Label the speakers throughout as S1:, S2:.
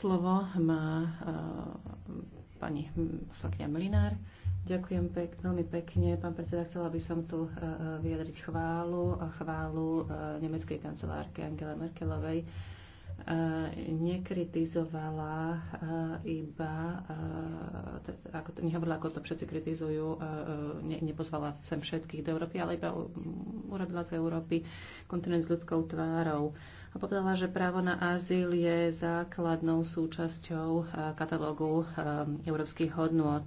S1: Slovo má eh, pani poslankyňa Mlinár. Ďakujem pek, veľmi pekne. Pán predseda, chcela by som tu eh, eh, vyjadriť chválu, a chválu nemeckej kancelárke Angele Merkelovej, Eh, nekritizovala eh, iba, eh, ako to, nehovorila, ako to všetci kritizujú, ne, nepozvala sem všetkých do Európy, ale iba mm, urobila z Európy kontinent s ľudskou tvárou. A povedala, že právo na azyl je základnou súčasťou katalógu európskych hodnôt.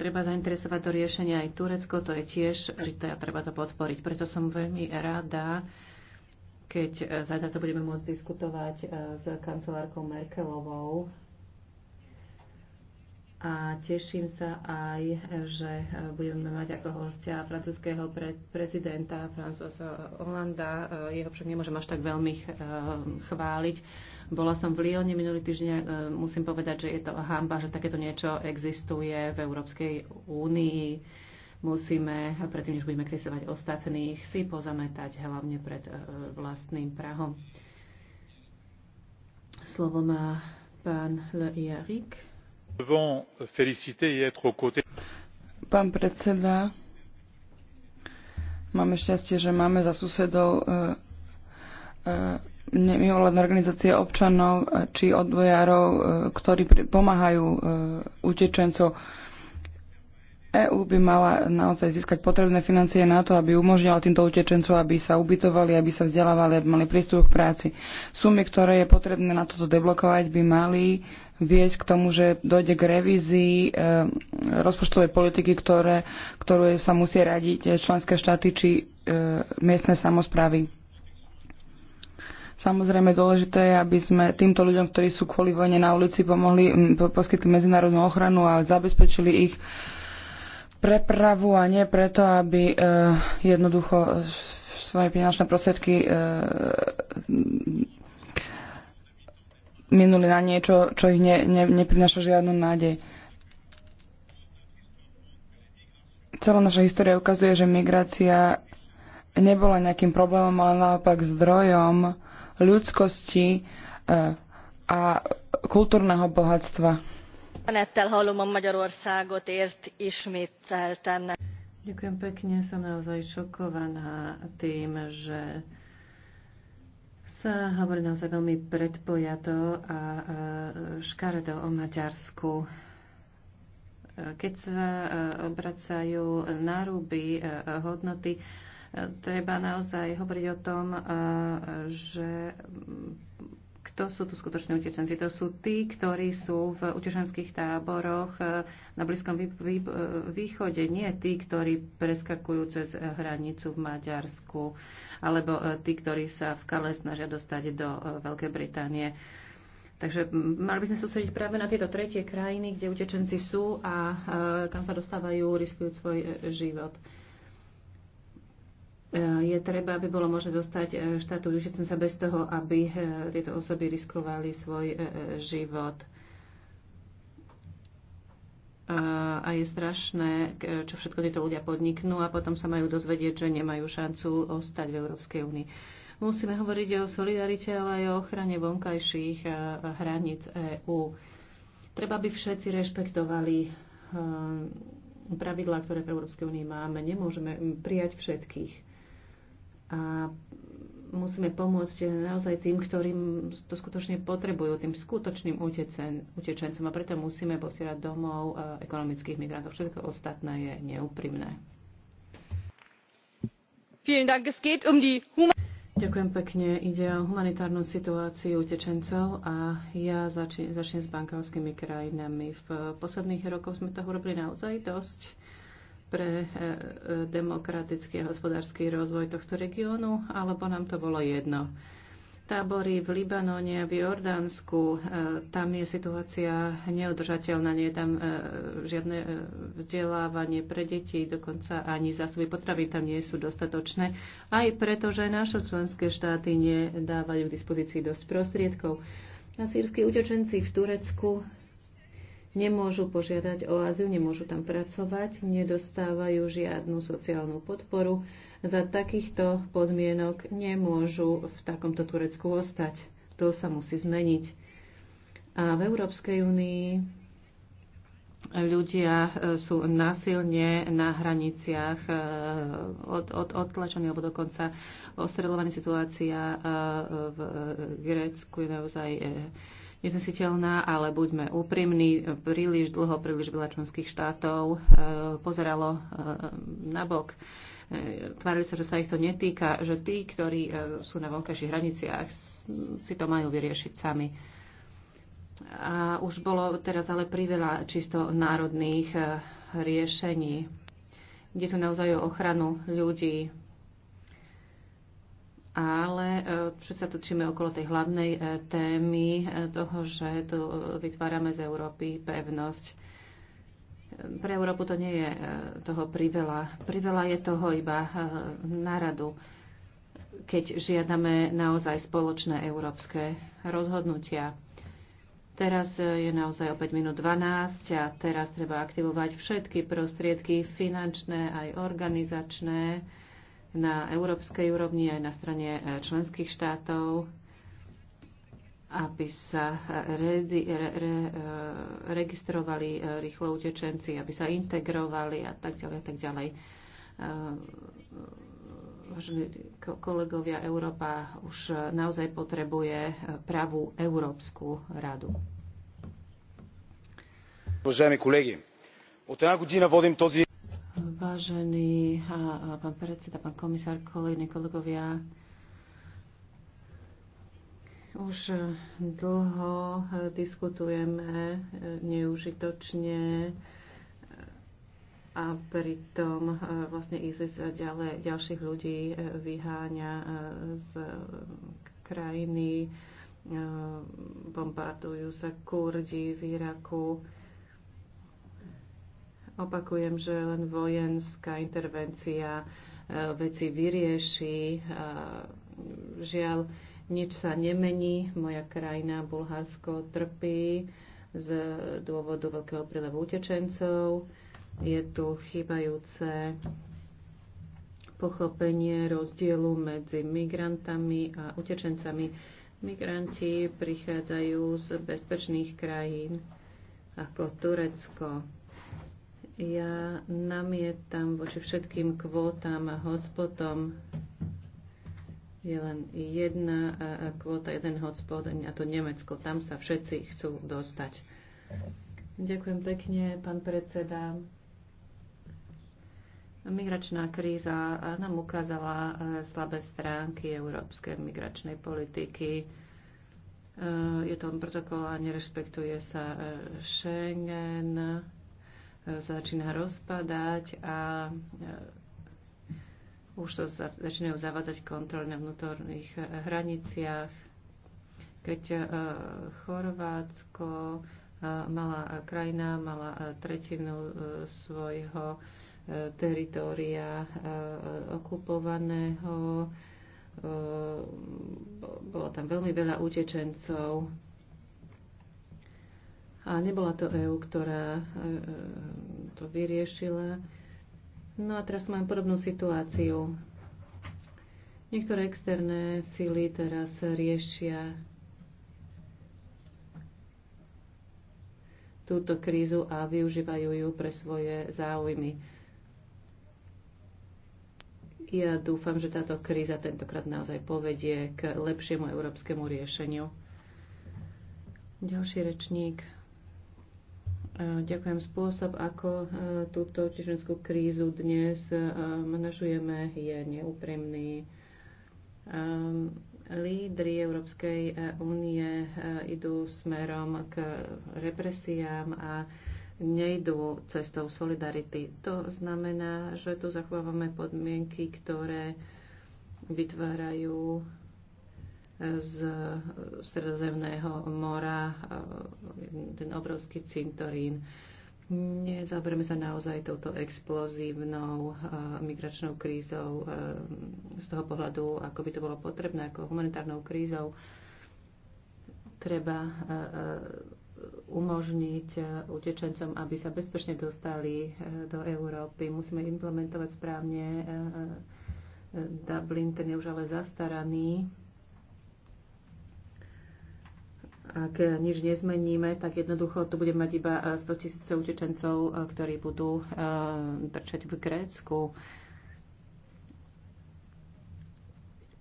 S1: Treba zainteresovať do riešenia aj Turecko, to je tiež, že treba to podporiť. Preto som veľmi rada, keď e, zajtra to budeme môcť diskutovať e, s kancelárkou Merkelovou. A teším sa aj, že e, budeme mať ako hostia francúzského pre- prezidenta Françoisa Hollanda. Jeho však nemôžem až tak veľmi chváliť. Bola som v Lyone minulý týždeň. Musím povedať, že je to hamba, že takéto niečo existuje v Európskej únii musíme, predtým než budeme kresovať ostatných, si pozametať hlavne pred e, vlastným prahom. Slovo má pán Le Jarik.
S2: Pán predseda, máme šťastie, že máme za susedov e, e, mimovládne organizácie občanov či odbojárov, ktorí pomáhajú utečencov EÚ by mala naozaj získať potrebné financie na to, aby umožnila týmto utečencom, aby sa ubytovali, aby sa vzdelávali, aby mali prístup k práci. Sumy, ktoré je potrebné na toto deblokovať, by mali viesť k tomu, že dojde k revízii e, rozpočtovej politiky, ktoré, ktorú sa musia radiť členské štáty či e, miestne samozprávy. Samozrejme dôležité je, aby sme týmto ľuďom, ktorí sú kvôli vojne na ulici, pomohli, poskytli medzinárodnú ochranu a zabezpečili ich e, prepravu a nie preto, aby e, jednoducho svoje finančné prostriedky e, minuli na niečo, čo ich ne, ne, neprináša žiadnu nádej. Celá naša história ukazuje, že migrácia nebola nejakým problémom, ale naopak zdrojom ľudskosti e, a kultúrneho bohatstva.
S1: Nettel hallom a Magyarországot ért ismételten. Ďakujem pekne, som naozaj šokovaná tým, že sa hovorí naozaj veľmi predpojato a škaredo o Maďarsku. Keď sa e, obracajú náruby e, hodnoty, e, treba naozaj hovoriť o tom, že kto sú tu skutoční utečenci. To sú tí, ktorí sú v utečenských táboroch eh, na Blízkom eh, východe, nie tí, ktorí preskakujú cez hranicu v Maďarsku, alebo eh, tí, ktorí sa v Kale snažia dostať do Veľkej Británie. Takže mali by sme sústrediť práve na tieto tretie krajiny, kde utečenci sú a kam sa dostávajú, riskujú svoj život je treba, aby bolo možné dostať e, štátu sa bez toho, aby e, tieto osoby riskovali svoj e, život. A je strašné, čo všetko tieto ľudia podniknú a potom sa majú dozvedieť, že nemajú šancu ostať v Európskej únii. Musíme hovoriť o solidarite, ale aj o ochrane vonkajších hraníc EÚ. Treba by všetci rešpektovali pravidlá, ktoré v Európskej únii máme. Nemôžeme prijať všetkých a musíme pomôcť naozaj tým, ktorým to skutočne potrebujú, tým skutočným utečen, utečencom a preto musíme posielať domov e, ekonomických migrantov. Všetko ostatné je neúprimné. Um Ďakujem pekne. Ide o humanitárnu situáciu utečencov a ja začnem, začnem s bankovskými krajinami. V posledných rokoch sme toho robili naozaj dosť pre e, e, demokratický a hospodársky rozvoj tohto regiónu, alebo nám to bolo jedno. Tábory v Libanone a v Jordánsku, e, tam je situácia neodržateľná, nie je tam žiadne vzdelávanie pre deti, dokonca ani zásoby potravy tam nie sú dostatočné, aj preto, že naše členské štáty nedávajú k dispozícii dosť prostriedkov. A sírsky utečenci v Turecku nemôžu požiadať o azyl, nemôžu tam pracovať, nedostávajú žiadnu sociálnu podporu. Za takýchto podmienok nemôžu v takomto Turecku ostať. To sa musí zmeniť. A v Európskej únii ľudia e, sú násilne na hraniciach e, od, od, odtlačení alebo dokonca ostreľovaná situácia e, v Grécku je naozaj neznesiteľná, ale buďme úprimní, príliš dlho, príliš veľa členských štátov e, pozeralo e, nabok. E, tvárili sa, že sa ich to netýka, že tí, ktorí sú na vonkajších hraniciach, si to majú vyriešiť sami. A už bolo teraz ale priveľa čisto národných riešení. Ide tu naozaj o ochranu ľudí, ale všetci sa točíme okolo tej hlavnej e, témy e, toho, že tu e, vytvárame z Európy pevnosť. Pre Európu to nie je toho priveľa. Priveľa je toho iba náradu, keď žiadame naozaj spoločné európske rozhodnutia. Teraz je naozaj o 5 minút 12 a teraz treba aktivovať všetky prostriedky finančné aj organizačné, na európskej úrovni aj na strane e, členských štátov, aby sa e, re, re, re, registrovali e, rýchlo utečenci, aby sa integrovali a tak ďalej a tak ďalej. Vážení kolegovia, Európa už naozaj potrebuje pravú Európsku radu.
S3: Уважаеми колеги,
S1: от една година водим този Vážený pán predseda, pán komisár, kolegyne, kolegovia, už dlho diskutujeme neužitočne a pritom vlastne ISIS ďalej, ďalších ľudí e, vyháňa e, z krajiny, e, bombardujú sa Kurdi v Iraku Opakujem, že len vojenská intervencia e, veci vyrieši. Žiaľ, nič sa nemení. Moja krajina, Bulharsko, trpí z dôvodu veľkého prílevu utečencov. Je tu chýbajúce pochopenie rozdielu medzi migrantami a utečencami. Migranti prichádzajú z bezpečných krajín ako Turecko, ja namietam voči všetkým kvótam a hotspotom. Je len jedna kvóta, jeden hotspot, a to Nemecko. Tam sa všetci chcú dostať. Ďakujem pekne, pán predseda. Migračná kríza nám ukázala e, slabé stránky európskej migračnej politiky. E, je to len protokol a nerespektuje sa e, Schengen E, začína rozpadať a e, už sa začínajú zavádzať kontroly na vnútorných e, hraniciach. Keď Chorvátsko malá krajina, mala tretinu svojho teritória okupovaného, bolo tam veľmi veľa utečencov, a nebola to EÚ, ktorá e, e, to vyriešila. No a teraz máme podobnú situáciu. Niektoré externé síly teraz riešia túto krízu a využívajú ju pre svoje záujmy. Ja dúfam, že táto kríza tentokrát naozaj povedie k lepšiemu európskemu riešeniu. Ďalší rečník. E, ďakujem spôsob, ako e, túto tieženskú krízu dnes e, manažujeme, je neúprimný. Lídry Európskej únie idú smerom k represiám a nejdú cestou solidarity. To znamená, že tu zachovávame podmienky, ktoré vytvárajú z Stredozemného mora, eh, ten obrovský cintorín. Nezaberme sa naozaj touto explozívnou eh, migračnou krízou eh, z toho pohľadu, ako by to bolo potrebné, ako humanitárnou krízou. Treba umožniť utečencom, aby sa bezpečne dostali do Európy. Musíme implementovať správne Dublin, ten je už ale zastaraný ak nič nezmeníme, tak jednoducho tu budeme mať iba 100 eh, tisíce utečencov, eh, ktorí budú eh, trčať v Grécku.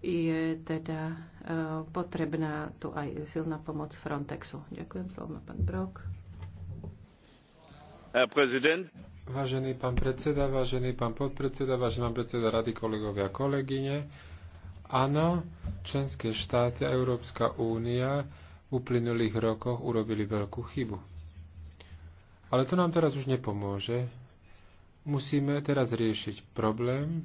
S1: Je teda potrebná tu aj silná pomoc Frontexu. Ďakujem, slovo pán Brok.
S3: Vážený pán predseda, vážený pán podpredseda, vážený pán predseda rady, kolegovia, kolegyne. Áno, členské štáty a Európska únia uplynulých rokoch urobili veľkú chybu. Ale to nám teraz už nepomôže. Musíme teraz riešiť problém,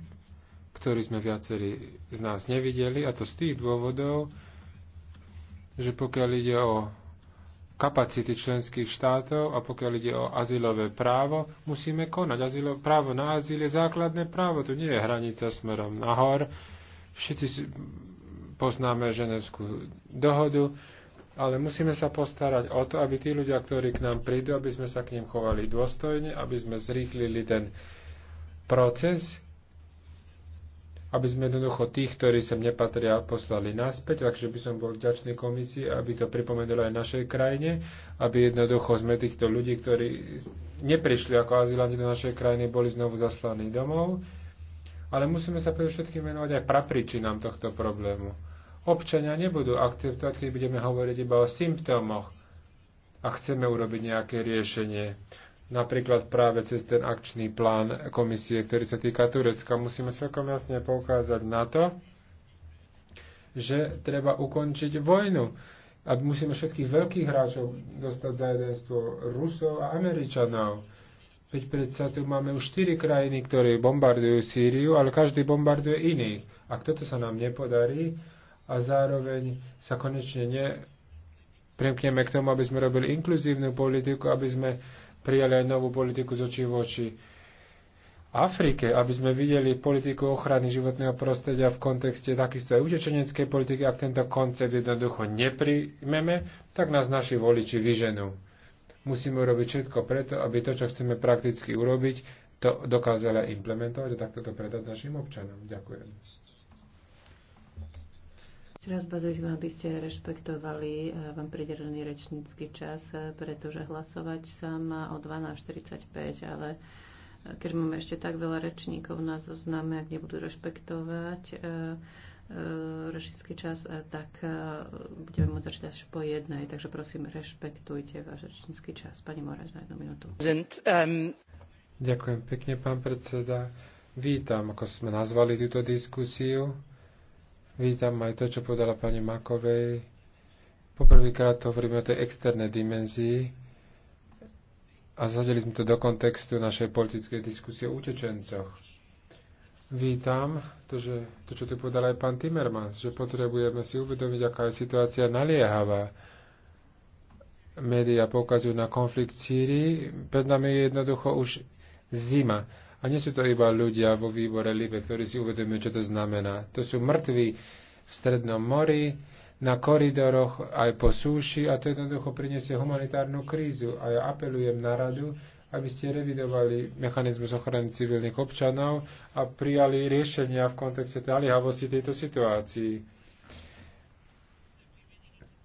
S3: ktorý sme viacerí z nás nevideli, a to z tých dôvodov, že pokiaľ ide o kapacity členských štátov a pokiaľ ide o azylové právo, musíme konať. Azylo, právo na azyl je základné právo, tu nie je hranica smerom nahor. Všetci poznáme ženevskú dohodu, ale musíme sa postarať o to, aby tí ľudia, ktorí k nám prídu, aby sme sa k ním chovali dôstojne, aby sme zrýchlili ten proces, aby sme jednoducho tých, ktorí sem nepatria, poslali naspäť. Takže by som bol vďačný komisii, aby to pripomenulo aj našej krajine, aby jednoducho sme týchto ľudí, ktorí neprišli ako azylanti do našej krajiny, boli znovu zaslaní domov. Ale musíme sa predovšetkým venovať aj prapričinám tohto problému občania nebudú akceptovať, keď budeme hovoriť iba o symptómoch a chceme urobiť nejaké riešenie. Napríklad práve cez ten akčný plán komisie, ktorý sa týka Turecka, musíme celkom jasne poukázať na to, že treba ukončiť vojnu. A musíme všetkých veľkých hráčov dostať za jedenstvo Rusov a Američanov. Veď predsa tu máme už 4 krajiny, ktoré bombardujú Sýriu, ale každý bombarduje iných. Ak toto sa nám nepodarí, a zároveň sa konečne nepremkneme k tomu, aby sme robili inkluzívnu politiku, aby sme prijali aj novú politiku z očí v oči. Afrike, aby sme videli politiku ochrany životného prostredia v kontexte takisto aj utečeneckej politiky, ak tento koncept jednoducho nepríjmeme, tak nás naši voliči vyženú. Musíme urobiť všetko preto, aby to, čo chceme prakticky urobiť, to dokázala implementovať a takto to predať našim občanom. Ďakujem.
S1: Teraz vás vyzývam, aby ste rešpektovali e, vám pridelený rečnícky čas, e, pretože hlasovať sa má o 12.45, ale e, keď máme ešte tak veľa rečníkov na zozname, ak nebudú rešpektovať rečnícky čas, tak budeme môcť začať až po jednej. Takže prosím, rešpektujte váš rečnícky čas. Pani Moraž, na jednu minútu.
S3: Ďakujem pekne, pán predseda. Vítam, ako sme nazvali túto diskusiu Vítam aj to, čo podala pani Makovej. Poprvýkrát hovoríme o tej externej dimenzii a zhodili sme to do kontextu našej politickej diskusie o utečencoch. Vítam to, že, to, čo tu povedal aj pán Timmermans, že potrebujeme si uvedomiť, aká je situácia naliehavá. Média poukazujú na konflikt v Sýrii, pred nami je jednoducho už zima. A nie sú to iba ľudia vo výbore Libe, ktorí si uvedomujú, čo to znamená. To sú mŕtvi v Strednom mori, na koridoroch, aj po súši a to jednoducho priniesie humanitárnu krízu. A ja apelujem na radu, aby ste revidovali mechanizmus ochrany civilných občanov a prijali riešenia v kontexte naliehavosti tejto situácii.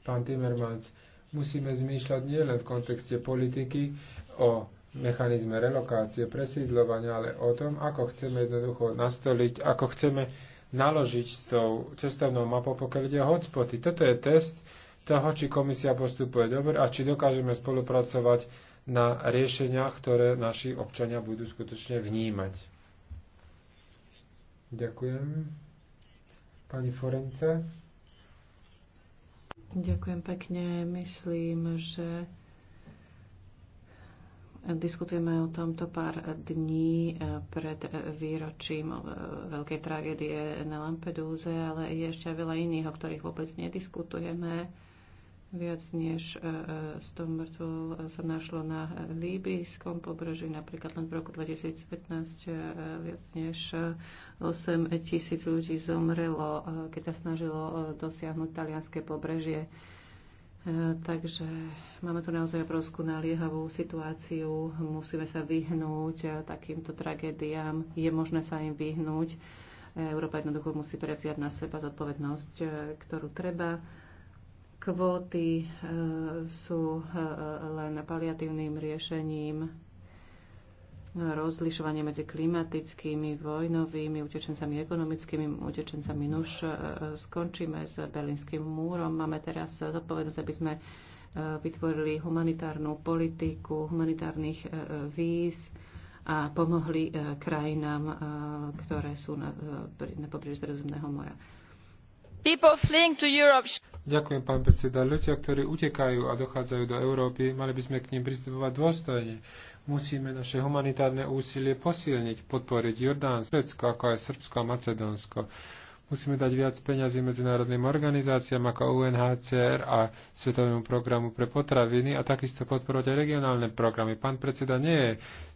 S3: Pán Timmermans, musíme zmýšľať nielen v kontexte politiky o mechanizme relokácie, presídľovania, ale o tom, ako chceme jednoducho nastoliť, ako chceme naložiť s tou cestovnou mapou, pokiaľ ide hotspoty. Toto je test toho, či komisia postupuje dobre a či dokážeme spolupracovať na riešeniach, ktoré naši občania budú skutočne vnímať. Ďakujem. Pani Forence.
S1: Ďakujem pekne. Myslím, že Diskutujeme o tomto pár dní e, pred e, výročím e, veľkej tragédie na Lampedúze, ale je ešte veľa iných, o ktorých vôbec nediskutujeme. Viac než 100 mŕtvol sa našlo na Líbyjskom pobreží, napríklad len v roku 2015 viac než 8 tisíc ľudí zomrelo, keď sa snažilo dosiahnuť talianské pobrežie. E, takže máme tu naozaj obrovskú naliehavú situáciu, musíme sa vyhnúť e, takýmto tragédiám, je možné sa im vyhnúť. E, Európa jednoducho musí prevziať na seba zodpovednosť, ktorú treba. Kvóty sú len paliatívnym riešením rozlišovanie medzi klimatickými, vojnovými utečencami, ekonomickými utečencami. Nuž e, skončíme s Berlínským múrom. Máme teraz zodpovednosť, aby sme e, vytvorili humanitárnu politiku, humanitárnych e, víz a pomohli krajinám, ktoré sú na, na pobreží Stredozemného mora.
S3: Ďakujem, pán predseda. Ľudia, ktorí utekajú a dochádzajú do Európy, mali by sme k ním pristupovať dôstojne. Musíme naše humanitárne úsilie posilniť, podporiť Jordánsko, Švedsko, ako aj Srbsko a Macedónsko. Musíme dať viac peňazí medzinárodným organizáciám ako UNHCR a Svetovému programu pre potraviny a takisto podporovať aj regionálne programy. Pán predseda, nie je.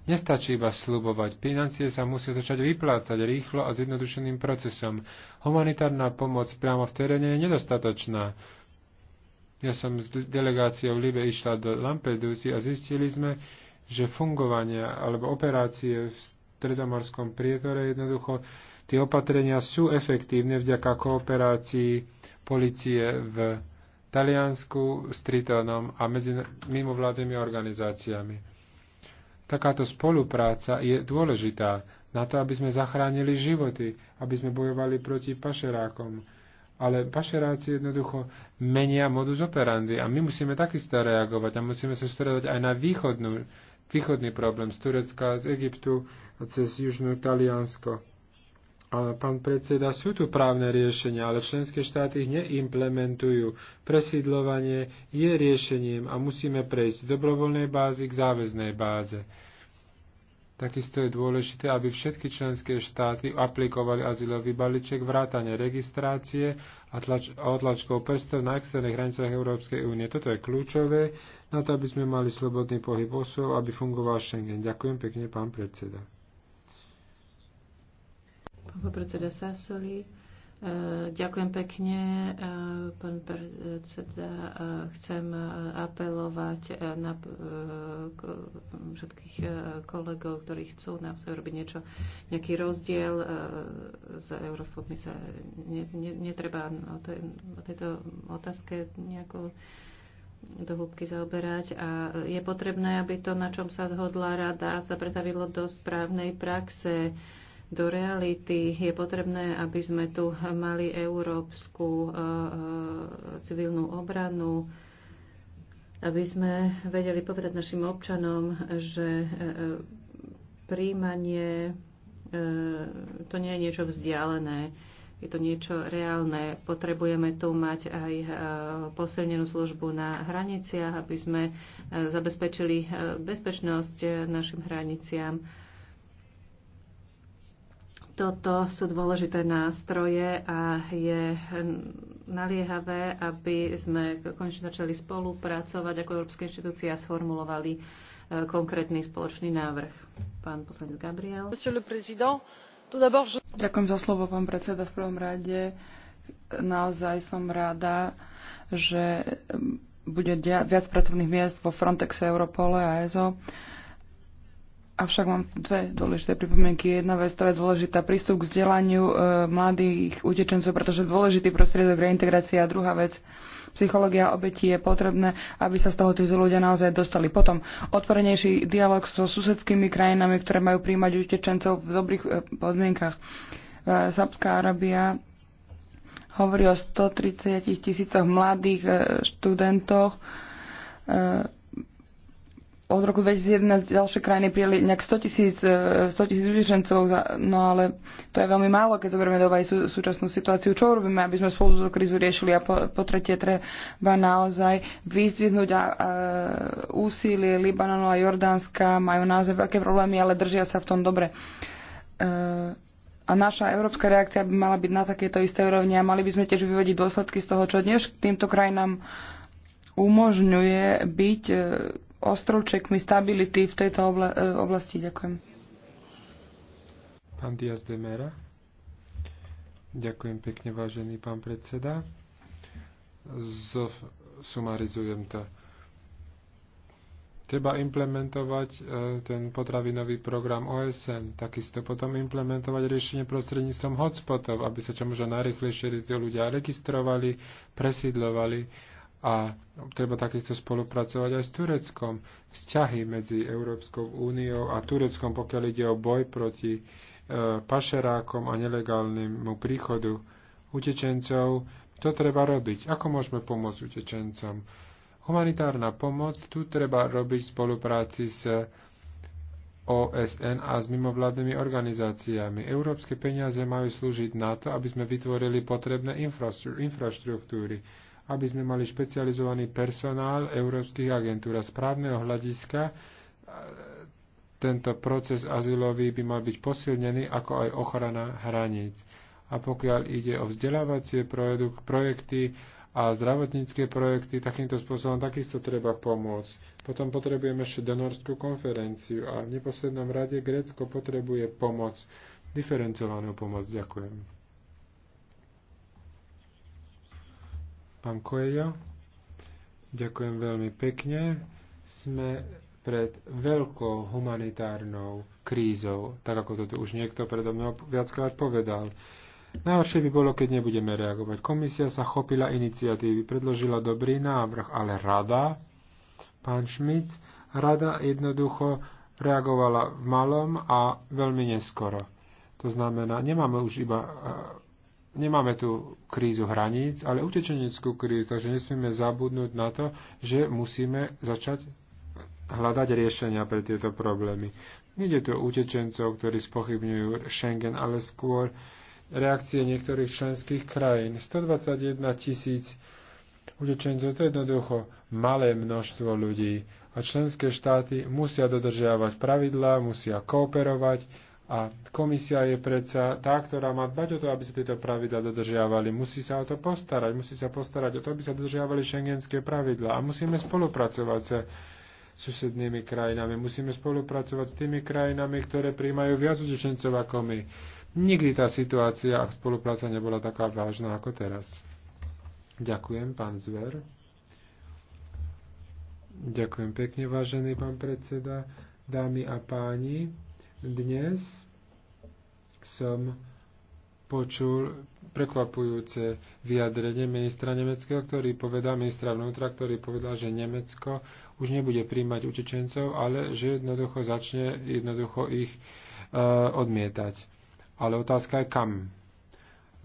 S3: Nestačí iba slubovať. Financie sa musia začať vyplácať rýchlo a zjednodušeným procesom. Humanitárna pomoc priamo v teréne je nedostatočná. Ja som s delegáciou Libe išla do Lampedusy a zistili sme, že fungovanie alebo operácie v stredomorskom prietore jednoducho tie opatrenia sú efektívne vďaka kooperácii policie v Taliansku s Tritonom a medzi mimovládnymi organizáciami. Takáto spolupráca je dôležitá na to, aby sme zachránili životy, aby sme bojovali proti pašerákom, ale pašeráci jednoducho menia modus operandi a my musíme takisto reagovať a musíme sa sústredovať aj na východnú východný problém z Turecka, z Egyptu a cez južnú Taliansko. A pán predseda, sú tu právne riešenia, ale členské štáty ich neimplementujú. Presídlovanie je riešením a musíme prejsť z dobrovoľnej bázy k záväznej báze. Takisto je dôležité, aby všetky členské štáty aplikovali azylový balíček vrátane registrácie a, tlač- a prstov na externých hranicách Európskej únie. Toto je kľúčové na to, aby sme mali slobodný pohyb osôb, aby fungoval Schengen. Ďakujem pekne, pán predseda.
S1: Pán predseda Sasoli. Eh, ďakujem pekne, eh, pán predseda. Eh, chcem apelovať na všetkých kolegov, ktorí chcú naozaj robiť niečo, nejaký rozdiel s eurofobmi. Sa netreba o, o tejto otázke nejako do hĺbky zaoberať a je potrebné, aby to, na čom sa zhodla rada, sa pretavilo do správnej praxe do reality. Je potrebné, aby sme tu mali európsku e, e, civilnú obranu, aby sme vedeli povedať našim občanom, že e, príjmanie to nie je niečo vzdialené, je to niečo reálne. Potrebujeme tu mať aj posilnenú službu na hraniciach, aby sme zabezpečili bezpečnosť našim hraniciam toto sú dôležité nástroje a je naliehavé, aby sme konečne začali spolupracovať ako Európske inštitúcie a sformulovali e, konkrétny spoločný návrh.
S2: Pán poslanec Gabriel. Ďakujem za slovo, pán predseda. V prvom rade naozaj som rada, že bude viac pracovných miest vo Frontex Europole a ESO. Avšak mám dve dôležité pripomienky. Jedna vec, ktorá je dôležitá, prístup k vzdelaniu e, mladých utečencov, pretože dôležitý prostriedok reintegrácia. A druhá vec, psychológia obetí je potrebné, aby sa z toho títo ľudia naozaj dostali. Potom otvorenejší dialog so susedskými krajinami, ktoré majú príjmať utečencov v dobrých e, podmienkach. E, Sábská Arábia hovorí o 130 tisícoch mladých e, študentoch. E, od roku 2011 ďalšie krajiny prijeli nejak 100 tisíc 100 e, tisíc utečencov, no ale to je veľmi málo, keď zoberieme do sú, súčasnú situáciu. Čo robíme, aby sme spolu tú krízu riešili? A po, po tretie, treba naozaj vyzdvihnúť a, a, úsilie Libanonu a Jordánska. Majú naozaj veľké problémy, ale držia sa v tom dobre. E a naša európska reakcia by mala byť na takéto isté úrovni a mali by sme tiež vyvodiť dôsledky z toho, čo dnes týmto krajinám umožňuje byť e, ostrovčekmi stability v tejto e, oblasti. Ďakujem.
S3: Pán Diaz de Mera. Ďakujem pekne, vážený pán predseda. Sumarizujem to. Treba implementovať e, ten potravinový program OSN, takisto potom implementovať riešenie prostredníctvom hotspotov, aby sa čo možno najrychlejšie tí ľudia registrovali, presídlovali a treba takisto spolupracovať aj s Tureckom. Vzťahy medzi Európskou úniou a Tureckom, pokiaľ ide o boj proti e, pašerákom a nelegálnemu príchodu utečencov, to treba robiť. Ako môžeme pomôcť utečencom? Humanitárna pomoc tu treba robiť v spolupráci s OSN a s mimovládnymi organizáciami. Európske peniaze majú slúžiť na to, aby sme vytvorili potrebné infraštruktúry aby sme mali špecializovaný personál európskych agentúr. A správneho hľadiska e, tento proces azylový by mal byť posilnený ako aj ochrana hraníc. A pokiaľ ide o vzdelávacie projekty a zdravotnícke projekty, takýmto spôsobom takisto treba pomôcť. Potom potrebujeme ešte donorskú konferenciu a v neposlednom rade Grécko potrebuje pomoc, diferencovanú pomoc. Ďakujem. Pán Koejo, ďakujem veľmi pekne. Sme pred veľkou humanitárnou krízou, tak ako to tu už niekto predo mnou viackrát povedal. Najhoršie by bolo, keď nebudeme reagovať. Komisia sa chopila iniciatívy, predložila dobrý návrh, ale rada, pán Šmic, rada jednoducho reagovala v malom a veľmi neskoro. To znamená, nemáme už iba nemáme tu krízu hraníc, ale utečeneckú krízu, takže nesmieme zabudnúť na to, že musíme začať hľadať riešenia pre tieto problémy. Nede tu o utečencov, ktorí spochybňujú Schengen, ale skôr reakcie niektorých členských krajín. 121 tisíc utečencov, to je jednoducho malé množstvo ľudí. A členské štáty musia dodržiavať pravidlá, musia kooperovať a komisia je predsa tá, ktorá má dbať o to, aby sa tieto pravidla dodržiavali. Musí sa o to postarať. Musí sa postarať o to, aby sa dodržiavali šengenské pravidla. A musíme spolupracovať sa susednými krajinami. Musíme spolupracovať s tými krajinami, ktoré príjmajú viac utečencov ako my. Nikdy tá situácia a spolupráca nebola taká vážna ako teraz. Ďakujem, pán Zver. Ďakujem pekne, vážený pán predseda, dámy a páni. Dnes som počul prekvapujúce vyjadrenie ministra nemeckého, ktorý povedal, ministra vnútra, ktorý povedal, že Nemecko už nebude príjmať utečencov, ale že jednoducho začne jednoducho ich e, odmietať. Ale otázka je kam.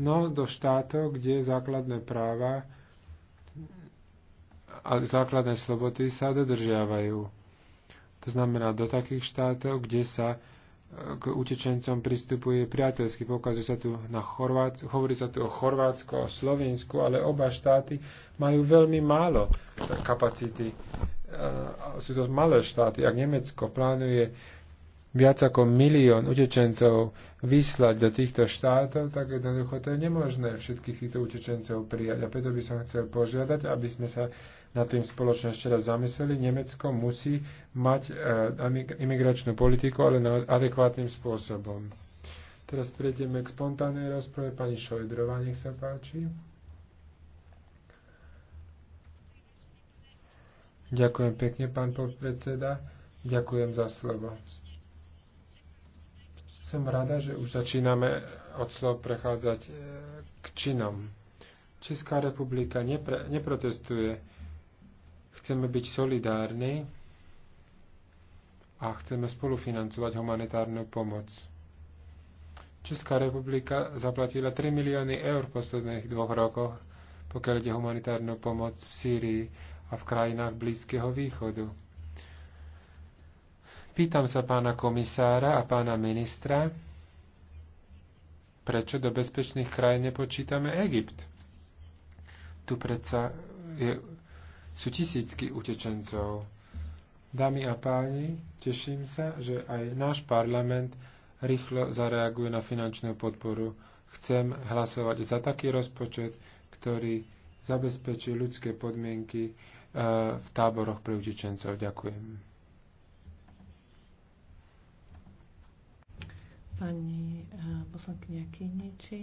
S3: No, do štátov, kde základné práva a základné sloboty sa dodržiavajú. To znamená do takých štátov, kde sa k utečencom pristupuje priateľsky. Pokazuje sa tu na Chorvátsko, hovorí sa tu o Chorvátsku, o Slovensku, ale oba štáty majú veľmi málo eh, kapacity. Eh, sú to malé štáty. Ak Nemecko plánuje viac ako milión utečencov vyslať do týchto štátov, tak jednoducho to je nemožné všetkých týchto utečencov prijať. A preto by som chcel požiadať, aby sme sa na tým spoločne ešte raz zamysleli. Nemecko musí mať e, imigračnú politiku, ale na adekvátnym spôsobom. Teraz prejdeme k spontánnej rozprave. Pani Šojdrová, nech sa páči. Ďakujem pekne, pán podpredseda. Ďakujem za slovo. Som rada, že už začíname od slov prechádzať e, k činom. Česká republika nepre, neprotestuje. Chceme byť solidárni a chceme spolufinancovať humanitárnu pomoc. Česká republika zaplatila 3 milióny eur v posledných dvoch rokoch, pokiaľ ide humanitárnu pomoc v Sýrii a v krajinách Blízkeho východu Pýtam sa pána komisára a pána ministra, prečo do bezpečných krajín nepočítame Egypt. Tu predsa je, sú tisícky utečencov. Dámy a páni, teším sa, že aj náš parlament rýchlo zareaguje na finančnú podporu. Chcem hlasovať za taký rozpočet, ktorý zabezpečí ľudské podmienky eh, v táboroch pre utečencov. Ďakujem.
S1: Pani eh, poslankyňa Kiniči.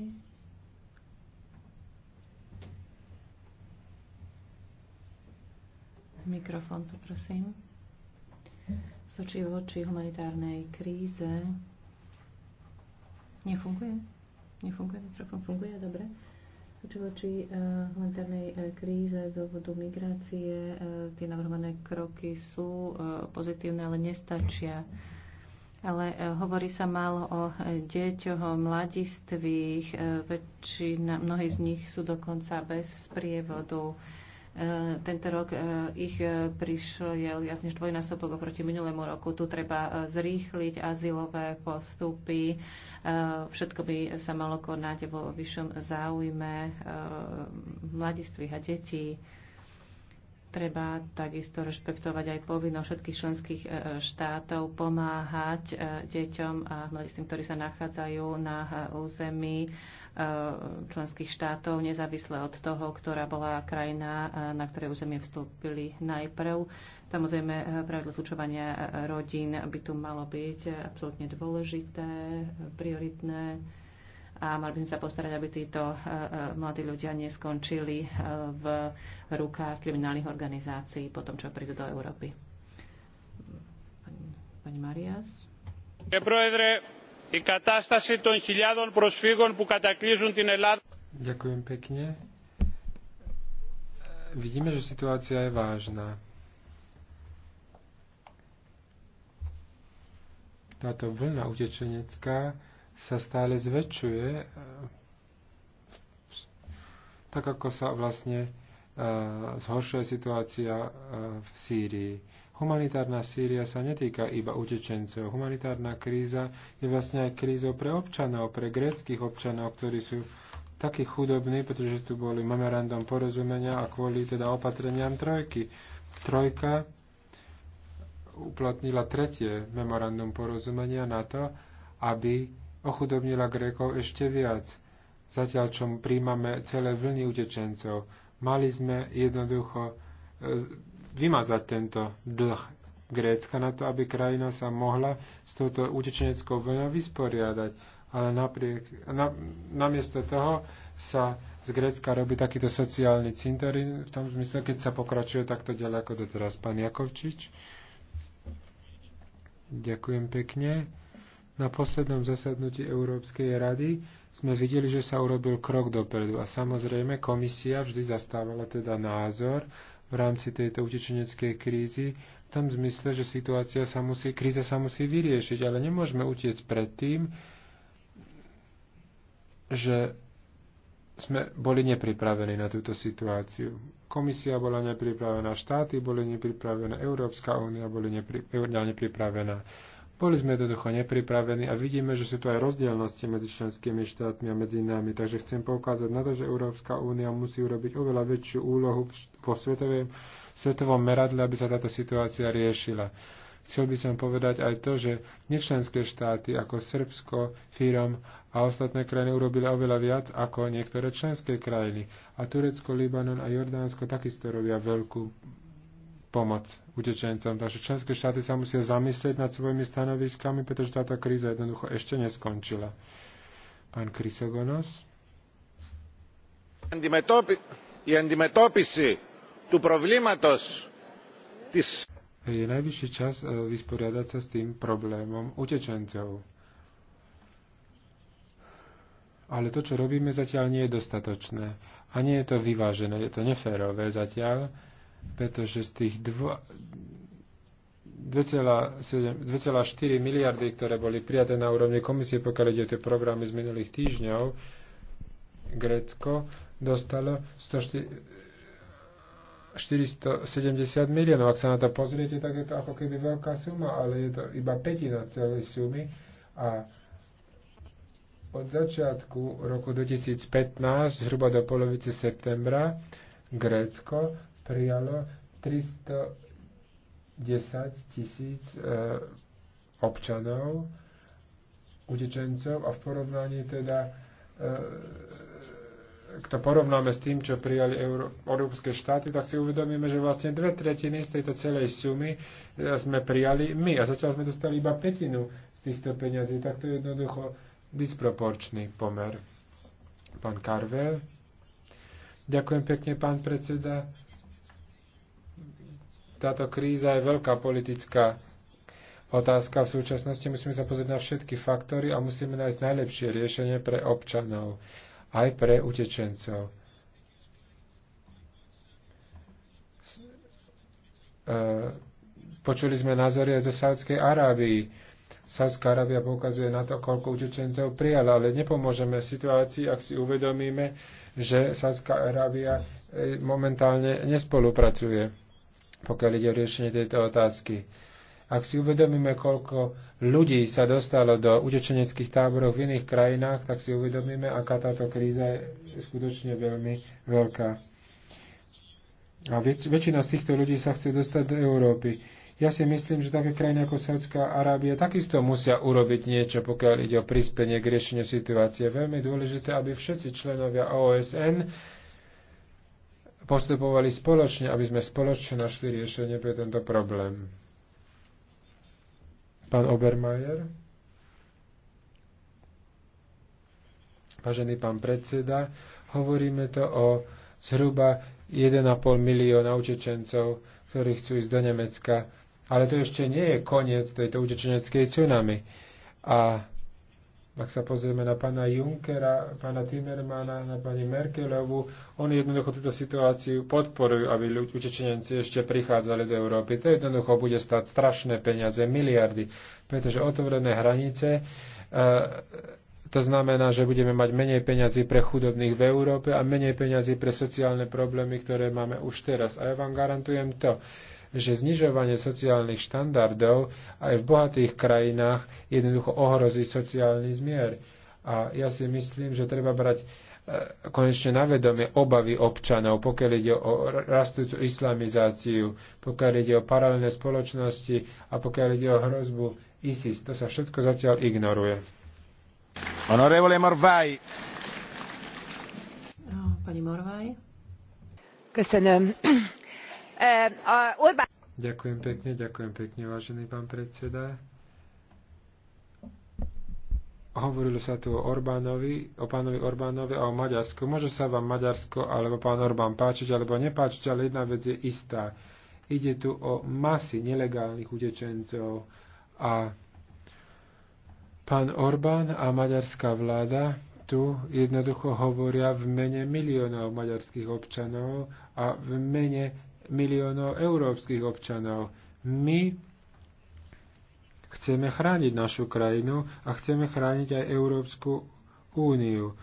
S1: Mikrofón, poprosím. Soči voči humanitárnej kríze. Nefunguje? Nefunguje? Mikrofón funguje? Dobre. Soči voči uh, humanitárnej eh, kríze z dôvodu migrácie uh, tie navrhované kroky sú uh, pozitívne, ale nestačia. Uh, ale e, hovorí sa málo o e, deťoch, o mladistvých. E, väčšina, mnohí z nich sú dokonca bez sprievodu. Tento rok ich prišiel viac než dvojnásobok oproti minulému roku. Tu treba zrýchliť azylové postupy. Všetko by sa malo konať vo vyššom záujme mladistvých a detí. Treba takisto rešpektovať aj povinnosť všetkých členských e, e, štátov pomáhať e, deťom a mladistým, ktorí sa nachádzajú na území členských štátov, nezávisle od toho, ktorá bola krajina, na ktoré územie vstúpili najprv. Samozrejme, pravidlo zúčovania rodín by tu malo byť absolútne dôležité, prioritné a mali by sme sa postarať, aby títo e, e, mladí ľudia neskončili e, v rukách kriminálnych organizácií po tom, čo prídu do Európy. Pani, pani Marias.
S3: Ďakujem pekne. Vidíme, že situácia je vážna. Táto vlna utečenecká sa stále zväčšuje, e, tak ako sa vlastne e, zhoršuje situácia e, v Sýrii. Humanitárna Sýria sa netýka iba utečencov. Humanitárna kríza je vlastne aj krízou pre občanov, pre gréckých občanov, ktorí sú takí chudobní, pretože tu boli memorandum porozumenia a kvôli teda opatreniam trojky. Trojka uplatnila tretie memorandum porozumenia na to, aby ochudobnila Grékov ešte viac, zatiaľ čo príjmame celé vlny utečencov. Mali sme jednoducho e, vymazať tento dlh Grécka na to, aby krajina sa mohla s touto utečeneckou vlnou vysporiadať. Ale napriek, na, namiesto toho sa z Grécka robí takýto sociálny cintorín, v tom zmysle, keď sa pokračuje takto ďalej ako teraz. Pán Jakovčič, ďakujem pekne. Na poslednom zasadnutí Európskej rady sme videli, že sa urobil krok dopredu a samozrejme komisia vždy zastávala teda názor v rámci tejto utečeneckej krízy v tom zmysle, že situácia sa musí, kríza sa musí vyriešiť, ale nemôžeme utiecť pred tým, že sme boli nepripravení na túto situáciu. Komisia bola nepripravená, štáty boli nepripravené, Európska únia boli nepri, e, nepripravená boli sme jednoducho nepripravení a vidíme, že sú tu aj rozdielnosti medzi členskými štátmi a medzi nami. Takže chcem poukázať na to, že Európska únia musí urobiť oveľa väčšiu úlohu vo svetovej, svetovom meradle, aby sa táto situácia riešila. Chcel by som povedať aj to, že nečlenské štáty ako Srbsko, Fírom a ostatné krajiny urobili oveľa viac ako niektoré členské krajiny. A Turecko, Libanon a Jordánsko takisto robia veľkú pomoc utečencom. Takže členské štáty sa musia zamyslieť nad svojimi stanoviskami, pretože táto kríza jednoducho ešte neskončila. Pán Krysogonos.
S1: Η αντιμετώπιση του προβλήματος
S3: της... Je najvyšší čas eh, vysporiadať sa s tým problémom utečencov. Ale to, čo robíme, zatiaľ nie je dostatočné. A nie je to vyvážené, je to neférové zatiaľ pretože z tých 2,4 miliardy, ktoré boli prijaté na úrovni komisie, pokiaľ ide o tie programy z minulých týždňov, Grécko dostalo 470 miliónov. Ak sa na to pozriete, tak je to ako keby veľká suma, ale je to iba petina celej sumy. A od začiatku roku 2015, zhruba do polovice septembra, Grécko prijalo 310 tisíc e, občanov, utečencov a v porovnaní teda, e, kto to porovnáme s tým, čo prijali Euró- európske štáty, tak si uvedomíme, že vlastne dve tretiny z tejto celej sumy e, sme prijali my a zatiaľ sme dostali iba petinu z týchto peňazí, tak to je jednoducho disproporčný pomer. Pán Karvel. Ďakujem pekne, pán predseda. Táto kríza je veľká politická otázka v súčasnosti. Musíme sa pozrieť na všetky faktory a musíme nájsť najlepšie riešenie pre občanov, aj pre utečencov. E, počuli sme názory aj zo Sádskej Arábii. Sádska Arábia poukazuje na to, koľko utečencov prijala, ale nepomôžeme situácii, ak si uvedomíme, že Sádska Arábia e, momentálne nespolupracuje pokiaľ ide o riešenie tejto otázky. Ak si uvedomíme, koľko ľudí sa dostalo do utečeneckých táborov v iných krajinách, tak si uvedomíme, aká táto kríza je skutočne veľmi veľká. A väč- väčšina z týchto ľudí sa chce dostať do Európy. Ja si myslím, že také krajiny ako Saudská Arábia takisto musia urobiť niečo, pokiaľ ide o prispenie k riešeniu situácie. Veľmi dôležité, aby všetci členovia OSN postupovali spoločne, aby sme spoločne našli riešenie pre tento problém. Pán Obermajer. Vážený pán predseda, hovoríme to o zhruba 1,5 milióna utečencov, ktorí chcú ísť do Nemecka. Ale to ešte nie je koniec tejto utečeneckej tsunami. A ak sa pozrieme na pána Junckera, pána Timmermana, na pani Merkelovu, oni jednoducho túto situáciu podporujú, aby utečenci ešte prichádzali do Európy. To jednoducho bude stať strašné peniaze, miliardy, pretože otvorené hranice e, to znamená, že budeme mať menej peňazí pre chudobných v Európe a menej peňazí pre sociálne problémy, ktoré máme už teraz. A ja vám garantujem to, že znižovanie sociálnych štandardov aj v bohatých krajinách jednoducho ohrozí sociálny zmier. A ja si myslím, že treba brať e, konečne na vedomie obavy občanov, pokiaľ ide o rastúcu islamizáciu, pokiaľ ide o paralelné spoločnosti a pokiaľ ide o hrozbu ISIS. To sa všetko zatiaľ ignoruje. Honorevole Morvaj.
S1: No, pani Morvaj. Köszönöm Eh,
S3: Orbán... Ďakujem pekne, ďakujem pekne, vážený pán predseda. Hovorilo sa tu o Orbánovi, o pánovi Orbánovi a o Maďarsku. Môže sa vám Maďarsko alebo pán Orbán páčiť alebo nepáčiť, ale jedna vec je istá. Ide tu o masy nelegálnych utečencov a pán Orbán a maďarská vláda tu jednoducho hovoria v mene miliónov maďarských občanov a v mene miliónov európskych občanov. My chceme chrániť našu krajinu a chceme chrániť aj Európsku úniu.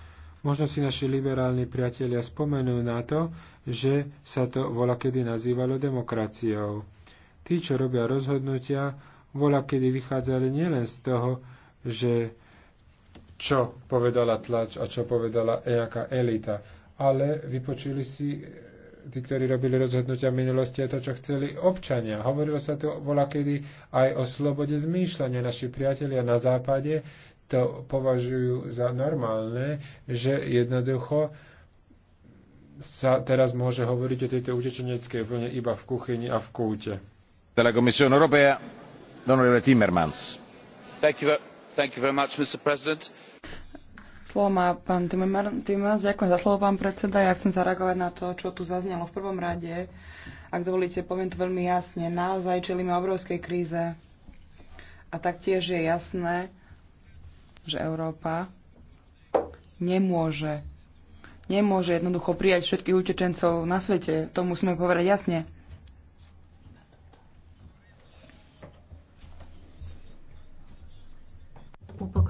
S3: Možno si naši liberálni priatelia spomenú na to, že sa to vola kedy nazývalo demokraciou. Tí, čo robia rozhodnutia, vola kedy vychádzali nielen z toho, že čo povedala tlač a čo povedala nejaká elita, ale vypočuli si tí, ktorí robili rozhodnutia v minulosti a to, čo chceli občania. Hovorilo sa tu bola kedy aj o slobode zmýšľania. Naši priatelia na západe to považujú za normálne, že jednoducho sa teraz môže hovoriť o tejto utečeneckej vlne iba v kuchyni a v kúte. Komisión Európea, Donorile Timmermans.
S1: Thank you, thank you very much, Mr. President
S2: Slovo má pán Timmermans. Ďakujem za slovo, pán predseda. Ja chcem zareagovať na to, čo tu zaznelo v prvom rade. Ak dovolíte, poviem to veľmi jasne. Naozaj čelíme obrovskej kríze. A taktiež je jasné, že Európa nemôže nemôže jednoducho prijať všetkých utečencov na svete. To musíme povedať jasne.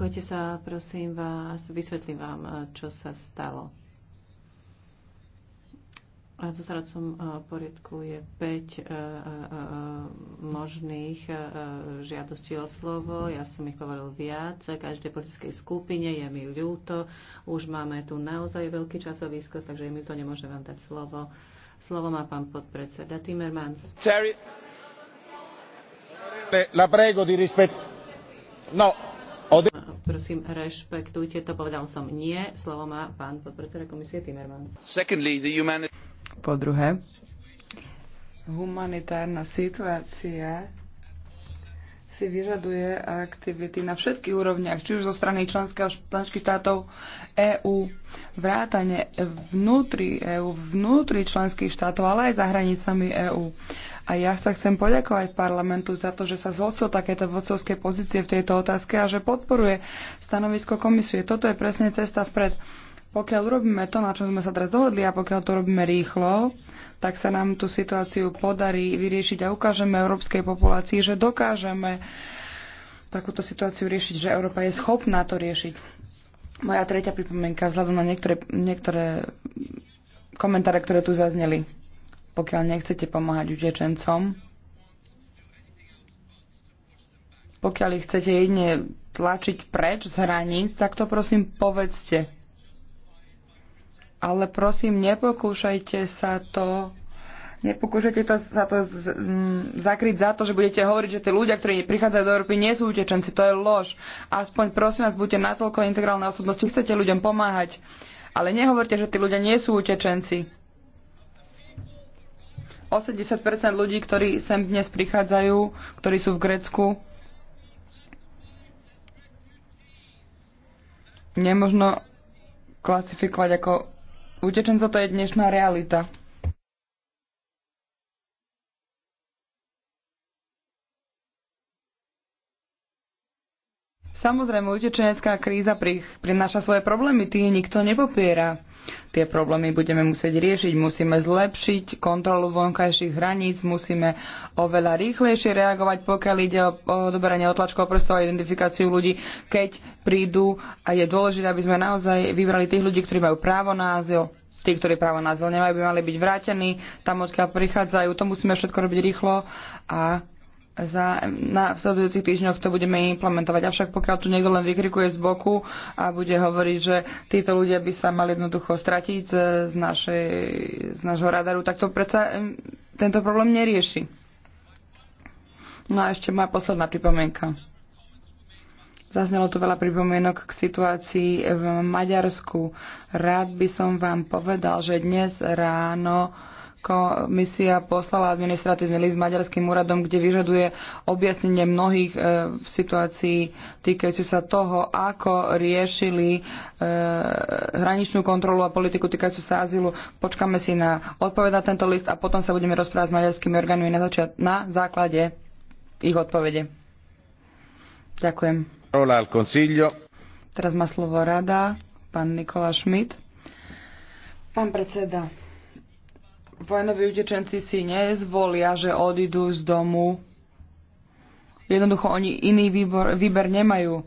S1: Upokojte sa, prosím vás, vysvetlím vám, e, čo sa stalo. A v som e, poriadku je 5 e, možných žiadostí o slovo. Ja som ich povedal viac. Každej politickej skupine je mi ľúto. Už máme tu naozaj veľký časový skos, takže mi to nemôžem vám dať slovo. Slovo má pán podpredseda Timmermans.
S3: La prego di rispet...
S1: No, prosím, rešpektujte to. Povedal som nie. Slovo má pán podpredseda komisie Timmermans.
S2: Secondly, the humani- po druhé, humanitárna situácia si vyžaduje aktivity na všetkých úrovniach, či už zo strany členského členských štátov EÚ, vrátane vnútri EÚ, vnútri členských štátov, ale aj za hranicami EÚ. A ja sa chcem poďakovať parlamentu za to, že sa zhostil takéto vodcovské pozície v tejto otázke a že podporuje stanovisko komisie. Toto je presne cesta vpred. Pokiaľ urobíme to, na čom sme sa teraz dohodli a pokiaľ to robíme rýchlo, tak sa nám tú situáciu podarí vyriešiť a ukážeme európskej populácii, že dokážeme takúto situáciu riešiť, že Európa je schopná to riešiť. Moja tretia pripomienka vzhľadom na niektoré, niektoré komentáre, ktoré tu zazneli pokiaľ nechcete pomáhať utečencom, pokiaľ ich chcete jedne tlačiť preč z hraníc, tak to prosím povedzte. Ale prosím, nepokúšajte sa to nepokúšajte to, sa to z, m, zakryť za to, že budete hovoriť, že tí ľudia, ktorí prichádzajú do Európy, nie sú utečenci. To je lož. Aspoň prosím vás, buďte natoľko integrálne osobnosti. Chcete ľuďom pomáhať. Ale nehovorte, že tí ľudia nie sú utečenci. 80% ľudí, ktorí sem dnes prichádzajú, ktorí sú v Grécku, nemožno klasifikovať ako utečencov. To je dnešná realita. Samozrejme, utečenecká kríza prináša svoje problémy, tie nikto nepopiera. Tie problémy budeme musieť riešiť, musíme zlepšiť kontrolu vonkajších hraníc, musíme oveľa rýchlejšie reagovať, pokiaľ ide o odoberanie otlačkov prstov a identifikáciu ľudí, keď prídu a je dôležité, aby sme naozaj vybrali tých ľudí, ktorí majú právo na azyl. Tí, ktorí právo na azyl nemajú, by mali byť vrátení tam, odkiaľ prichádzajú. To musíme všetko robiť rýchlo a za na následujúcich týždňoch to budeme implementovať. Avšak pokiaľ tu niekto len vykrikuje z boku a bude hovoriť, že títo ľudia by sa mali jednoducho stratiť z, našej, z nášho radaru, tak to predsa tento problém nerieši. No a ešte moja posledná pripomienka. Zaznelo tu veľa pripomienok k situácii v Maďarsku. Rád by som vám povedal, že dnes ráno uh, komisia poslala administratívny list maďarským úradom, kde vyžaduje objasnenie mnohých e, situácií týkajúci sa toho, ako riešili e, hraničnú kontrolu a politiku týkajúcu sa azylu. Počkáme si na odpoveď na tento list a potom sa budeme rozprávať s maďarskými orgánmi na, začiat- na základe ich odpovede. Ďakujem. Teraz má slovo rada, pán Nikola Schmidt. Pán predseda, vojnoví utečenci si nezvolia, že odídu z domu. Jednoducho oni iný výbor, výber nemajú.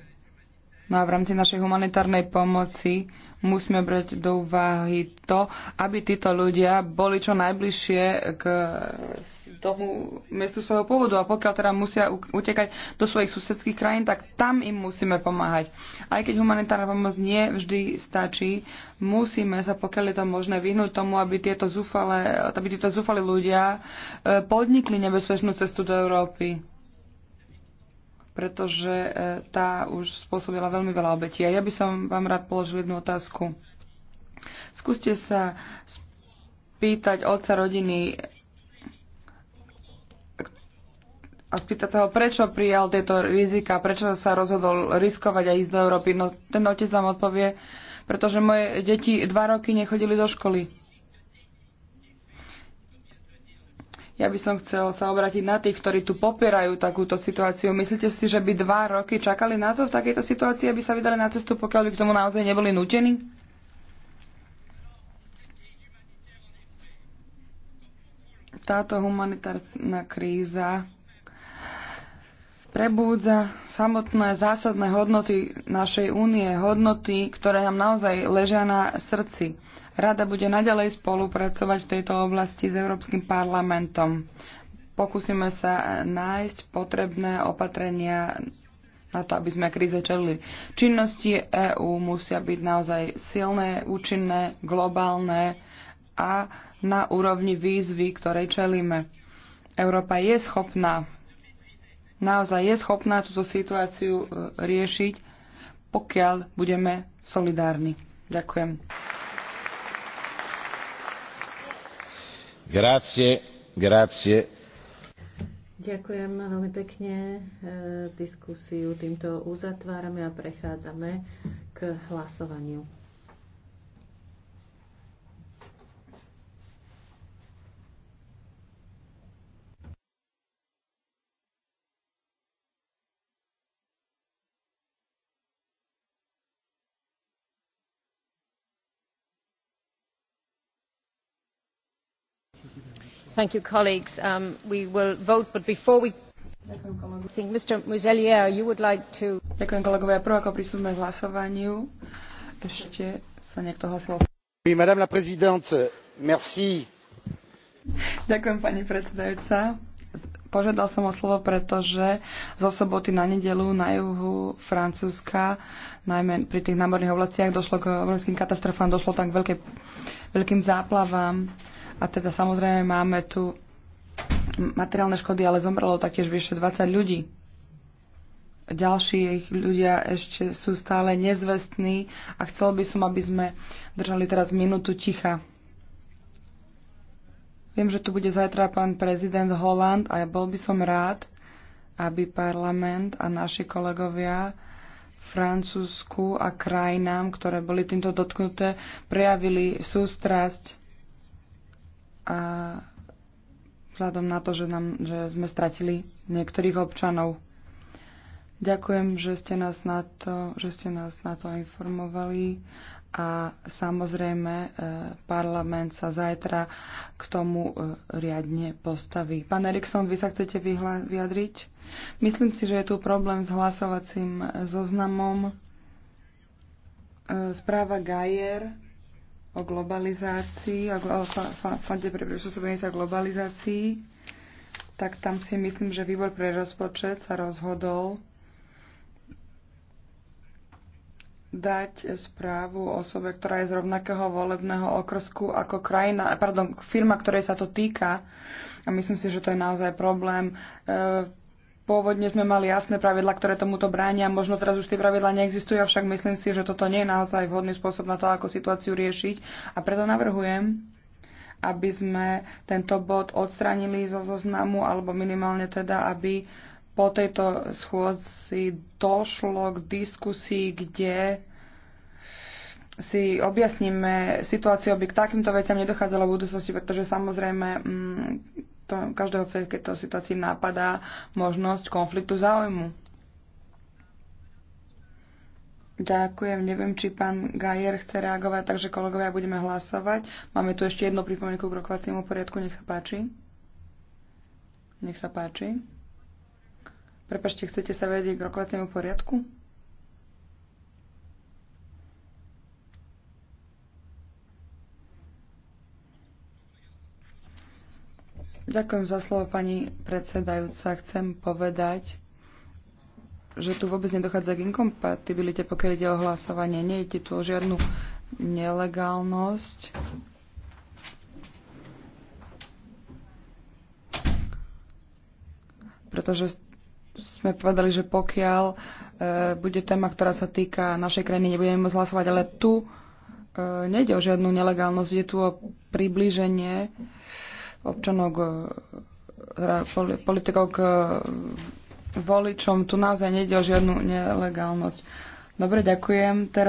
S2: No a v rámci našej humanitárnej pomoci musíme brať do úvahy to, aby títo ľudia boli čo najbližšie k tomu mestu svojho pôvodu. A pokiaľ teda musia utekať do svojich susedských krajín, tak tam im musíme pomáhať. Aj keď humanitárna pomoc nie vždy stačí, musíme sa, pokiaľ je to možné, vyhnúť tomu, aby tieto zúfale, aby títo zúfali ľudia e, podnikli nebezpečnú cestu do Európy pretože e, tá už spôsobila veľmi veľa obetí. A ja by som vám rád položil jednu otázku. Skúste sa spýtať otca rodiny a spýtať sa ho, prečo prijal tieto rizika, prečo sa rozhodol riskovať a ísť do Európy. No ten otec vám odpovie, pretože moje deti dva roky nechodili do školy. Ja by som chcel sa obrátiť na tých, ktorí tu popierajú takúto situáciu. Myslíte si, že by dva roky čakali na to v takejto situácii, aby sa vydali na cestu, pokiaľ by k tomu naozaj neboli nutení? Táto humanitárna kríza prebúdza samotné zásadné hodnoty našej únie, hodnoty, ktoré nám naozaj ležia na srdci. Rada bude naďalej spolupracovať v tejto oblasti s Európskym parlamentom. Pokúsime sa nájsť potrebné opatrenia na to, aby sme kríze čelili. Činnosti EÚ musia byť naozaj silné, účinné, globálne a na úrovni výzvy, ktorej čelíme. Európa je schopná, naozaj je schopná túto situáciu e, riešiť, pokiaľ budeme solidárni. Ďakujem.
S3: Ďakujem
S1: veľmi pekne. E, diskusiu týmto uzatvárame a prechádzame k hlasovaniu. colleagues. Um, we will
S2: vote but before we Ďakujem, think mr muselier you would like to Ďakujem kolegovia, prv ako pristúpime k hlasovaniu, ešte sa niekto Oui, madame la
S1: présidente,
S2: merci. Ďakujem pani predsedajúca. Požiadal som o slovo, pretože zo soboty na nedelu na juhu Francúzska, najmä pri tých námorných oblastiach, došlo k obrovským katastrofám, došlo tam k veľkej, veľkým záplavám a teda samozrejme máme tu materiálne škody, ale zomrelo taktiež vyše 20 ľudí. Ďalší ich ľudia ešte sú stále nezvestní a chcel by som, aby sme držali teraz minútu ticha. Viem, že tu bude zajtra pán prezident Holland a ja bol by som rád, aby parlament a naši kolegovia Francúzsku a krajinám, ktoré boli týmto dotknuté, prejavili sústrasť a vzhľadom na to, že, nám, že sme stratili niektorých občanov. Ďakujem, že ste nás na to, že ste nás na to informovali a samozrejme e, parlament sa zajtra k tomu e, riadne postaví. Pán Erikson, vy sa chcete vyjadriť? Myslím si, že je tu problém s hlasovacím e, zoznamom. Správa Gajer o globalizácii, o, o Fonde pre prispôsobenie sa globalizácii, tak tam si myslím, že výbor pre rozpočet sa rozhodol dať správu osobe, ktorá je z rovnakého volebného okrsku ako krajina, pardon, firma, ktorej sa to týka. A myslím si, že to je naozaj problém. E, Pôvodne sme mali jasné pravidla, ktoré tomuto bránia. Možno teraz už tie pravidla neexistujú, avšak myslím si, že toto nie je naozaj vhodný spôsob na to, ako situáciu riešiť. A preto navrhujem, aby sme tento bod odstranili zo zoznamu, alebo minimálne teda, aby po tejto schôdzi došlo k diskusii, kde si objasníme situáciu, aby k takýmto veciam nedochádzalo v budúcnosti, pretože samozrejme mm, to, každého v tejto situácii napadá možnosť konfliktu záujmu. Ďakujem. Neviem, či pán Gajer chce reagovať, takže kolegovia, budeme hlasovať. Máme tu ešte jednu pripomienku k rokovaciemu poriadku. Nech sa páči. Nech sa páči. Prepašte, chcete sa vedieť k rokovaciemu poriadku? Ďakujem za slovo, pani predsedajúca. Chcem povedať, že tu vôbec nedochádza k inkompatibilite, pokiaľ ide o hlasovanie. Nejde tu o žiadnu nelegálnosť. Pretože sme povedali, že pokiaľ e, bude téma, ktorá sa týka našej krajiny, nebudeme môcť hlasovať, ale tu e, nejde o žiadnu nelegálnosť, je tu o priblíženie e, občanov, k, e, teda politikov k e, voličom. Tu naozaj nejde o žiadnu nelegálnosť. Dobre, ďakujem. Teraz